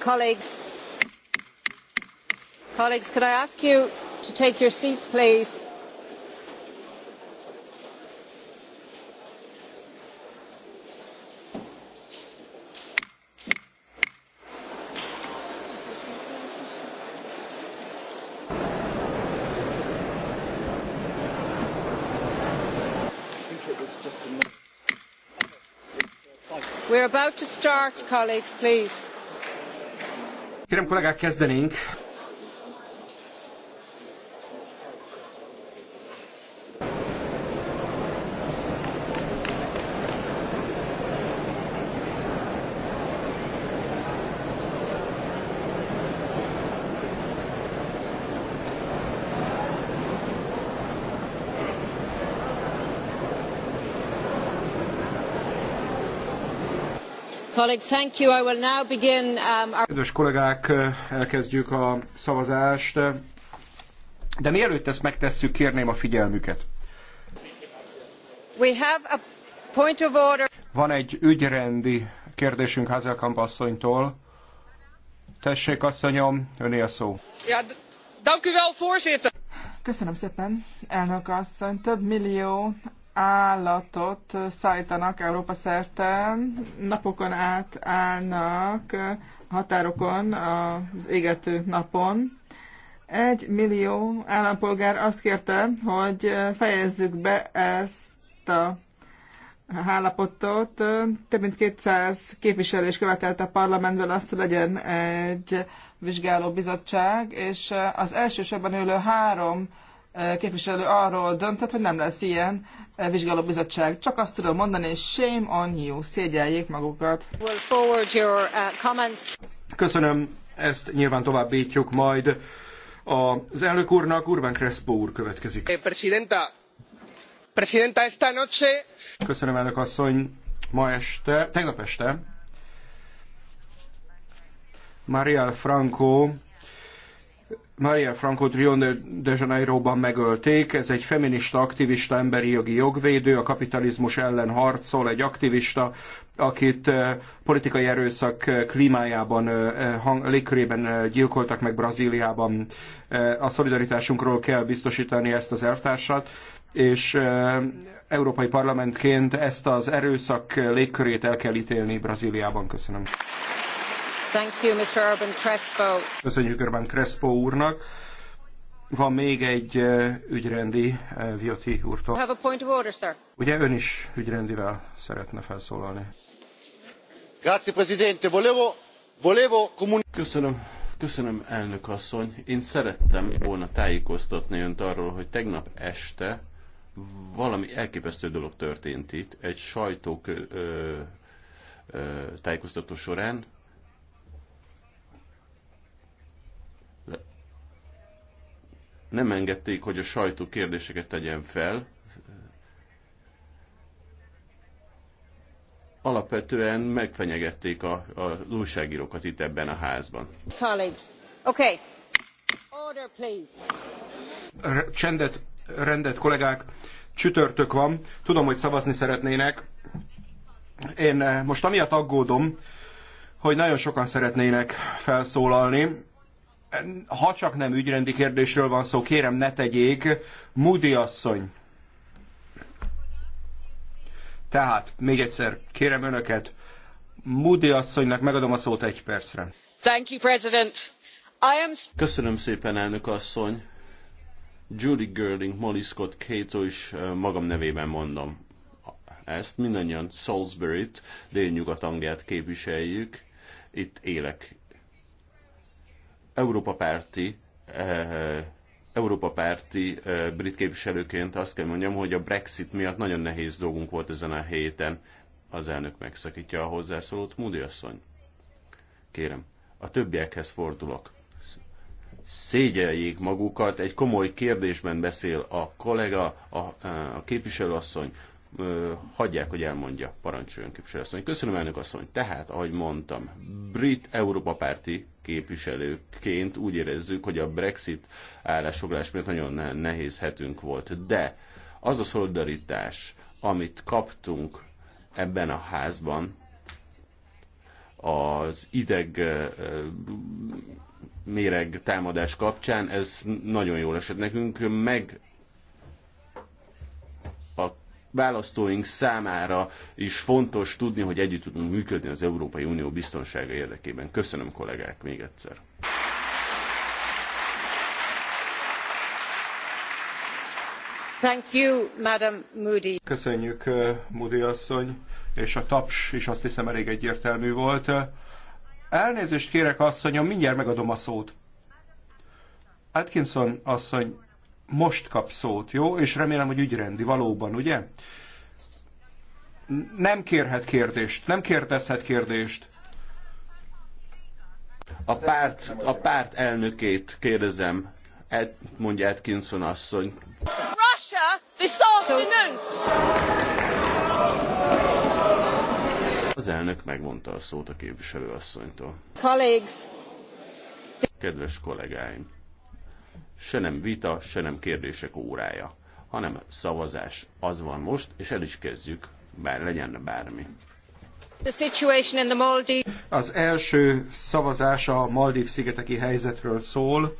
colleagues. could I ask you to take your seats, please? are about to start colleagues please. Kérem kollégák, kezdenénk. Um, Kedves kollégák, eh, elkezdjük a szavazást, de mielőtt ezt megtesszük, kérném a figyelmüket. Van egy ügyrendi kérdésünk Hazelkamp asszonytól. Tessék, asszonyom, öné a szó. Köszönöm szépen, elnök asszony. Több millió állatot szállítanak Európa szerte, napokon át állnak határokon az égető napon. Egy millió állampolgár azt kérte, hogy fejezzük be ezt a állapotot. Több mint 200 képviselő is követelte a parlamentből azt, hogy legyen egy vizsgáló bizottság, és az elsősorban ülő három képviselő arról döntött, hogy nem lesz ilyen eh, vizsgálóbizottság. Csak azt tudom mondani, és shame on you, szégyeljék magukat. Eh, Köszönöm, ezt nyilván továbbítjuk majd. Az elnök úrnak Urban Crespo úr következik. Eh, presidenta, Presidenta, esta noche... Köszönöm, elnök asszony. Ma este, tegnap este, Mariel Franco Maria Franco Rio de Janeiro-ban megölték. Ez egy feminista aktivista, emberi jogi jogvédő, a kapitalizmus ellen harcol, egy aktivista, akit eh, politikai erőszak eh, klímájában, eh, légkörében gyilkoltak meg Brazíliában. A szolidaritásunkról kell biztosítani ezt az elvtársat, és Európai Parlamentként ezt az erőszak légkörét el kell ítélni Brazíliában. Köszönöm. Crespo. Köszönjük Urban Crespo úrnak. Van még egy eh, ügyrendi eh, Vioti úrtól. Have a point of order, sir. Ugye ön is ügyrendivel szeretne felszólalni. Grazie, Presidente. Volevo, volevo Köszönöm. Köszönöm, elnök asszony. Én szerettem volna tájékoztatni önt arról, hogy tegnap este valami elképesztő dolog történt itt. Egy sajtó tájékoztató során nem engedték, hogy a sajtó kérdéseket tegyen fel. Alapvetően megfenyegették a, a, újságírókat itt ebben a házban. Colleagues. Okay. Order, please. Csendet, rendet, kollégák. Csütörtök van. Tudom, hogy szavazni szeretnének. Én eh, most amiatt aggódom, hogy nagyon sokan szeretnének felszólalni, ha csak nem ügyrendi kérdésről van szó, kérem ne tegyék, Moody asszony. Tehát, még egyszer, kérem önöket, Moody asszonynak megadom a szót egy percre. Thank you, President. I am... Köszönöm szépen, elnök asszony. Judy Girling, Molly Scott, Cato is magam nevében mondom. Ezt mindannyian Salisbury-t, délnyugat angliát képviseljük. Itt élek Európa párti eh, Európa párti eh, brit képviselőként azt kell mondjam, hogy a Brexit miatt nagyon nehéz dolgunk volt ezen a héten. Az elnök megszakítja a hozzászólót. Moody asszony, kérem, a többiekhez fordulok. Szégyeljék magukat, egy komoly kérdésben beszél a kollega, a, eh, a képviselőasszony, ö, hagyják, hogy elmondja, parancsoljon asszony. Köszönöm, elnök asszony. Tehát, ahogy mondtam, brit Európa párti képviselőként úgy érezzük, hogy a Brexit állásfoglalás miatt nagyon nehéz hetünk volt, de az a szolidaritás, amit kaptunk ebben a házban, az ideg méreg támadás kapcsán, ez nagyon jól esett nekünk, meg választóink számára is fontos tudni, hogy együtt tudunk működni az Európai Unió biztonsága érdekében. Köszönöm kollégák még egyszer. Thank you, Madam Moody. Köszönjük, uh, Moody asszony, és a taps is azt hiszem elég egyértelmű volt. Elnézést kérek, asszonyom, mindjárt megadom a szót. Atkinson asszony, most kap szót, jó? És remélem, hogy ügyrendi, valóban, ugye? Nem kérhet kérdést, nem kérdezhet kérdést. A párt, a párt elnökét kérdezem, Ed, mondja Atkinson asszony. Russia this afternoon. Az elnök megmondta a szót a képviselőasszonytól. Colleagues. Kedves kollégáim! se nem vita, se nem kérdések órája, hanem szavazás az van most, és el is kezdjük, bár legyen bármi. Az első szavazás a Maldív szigeteki helyzetről szól.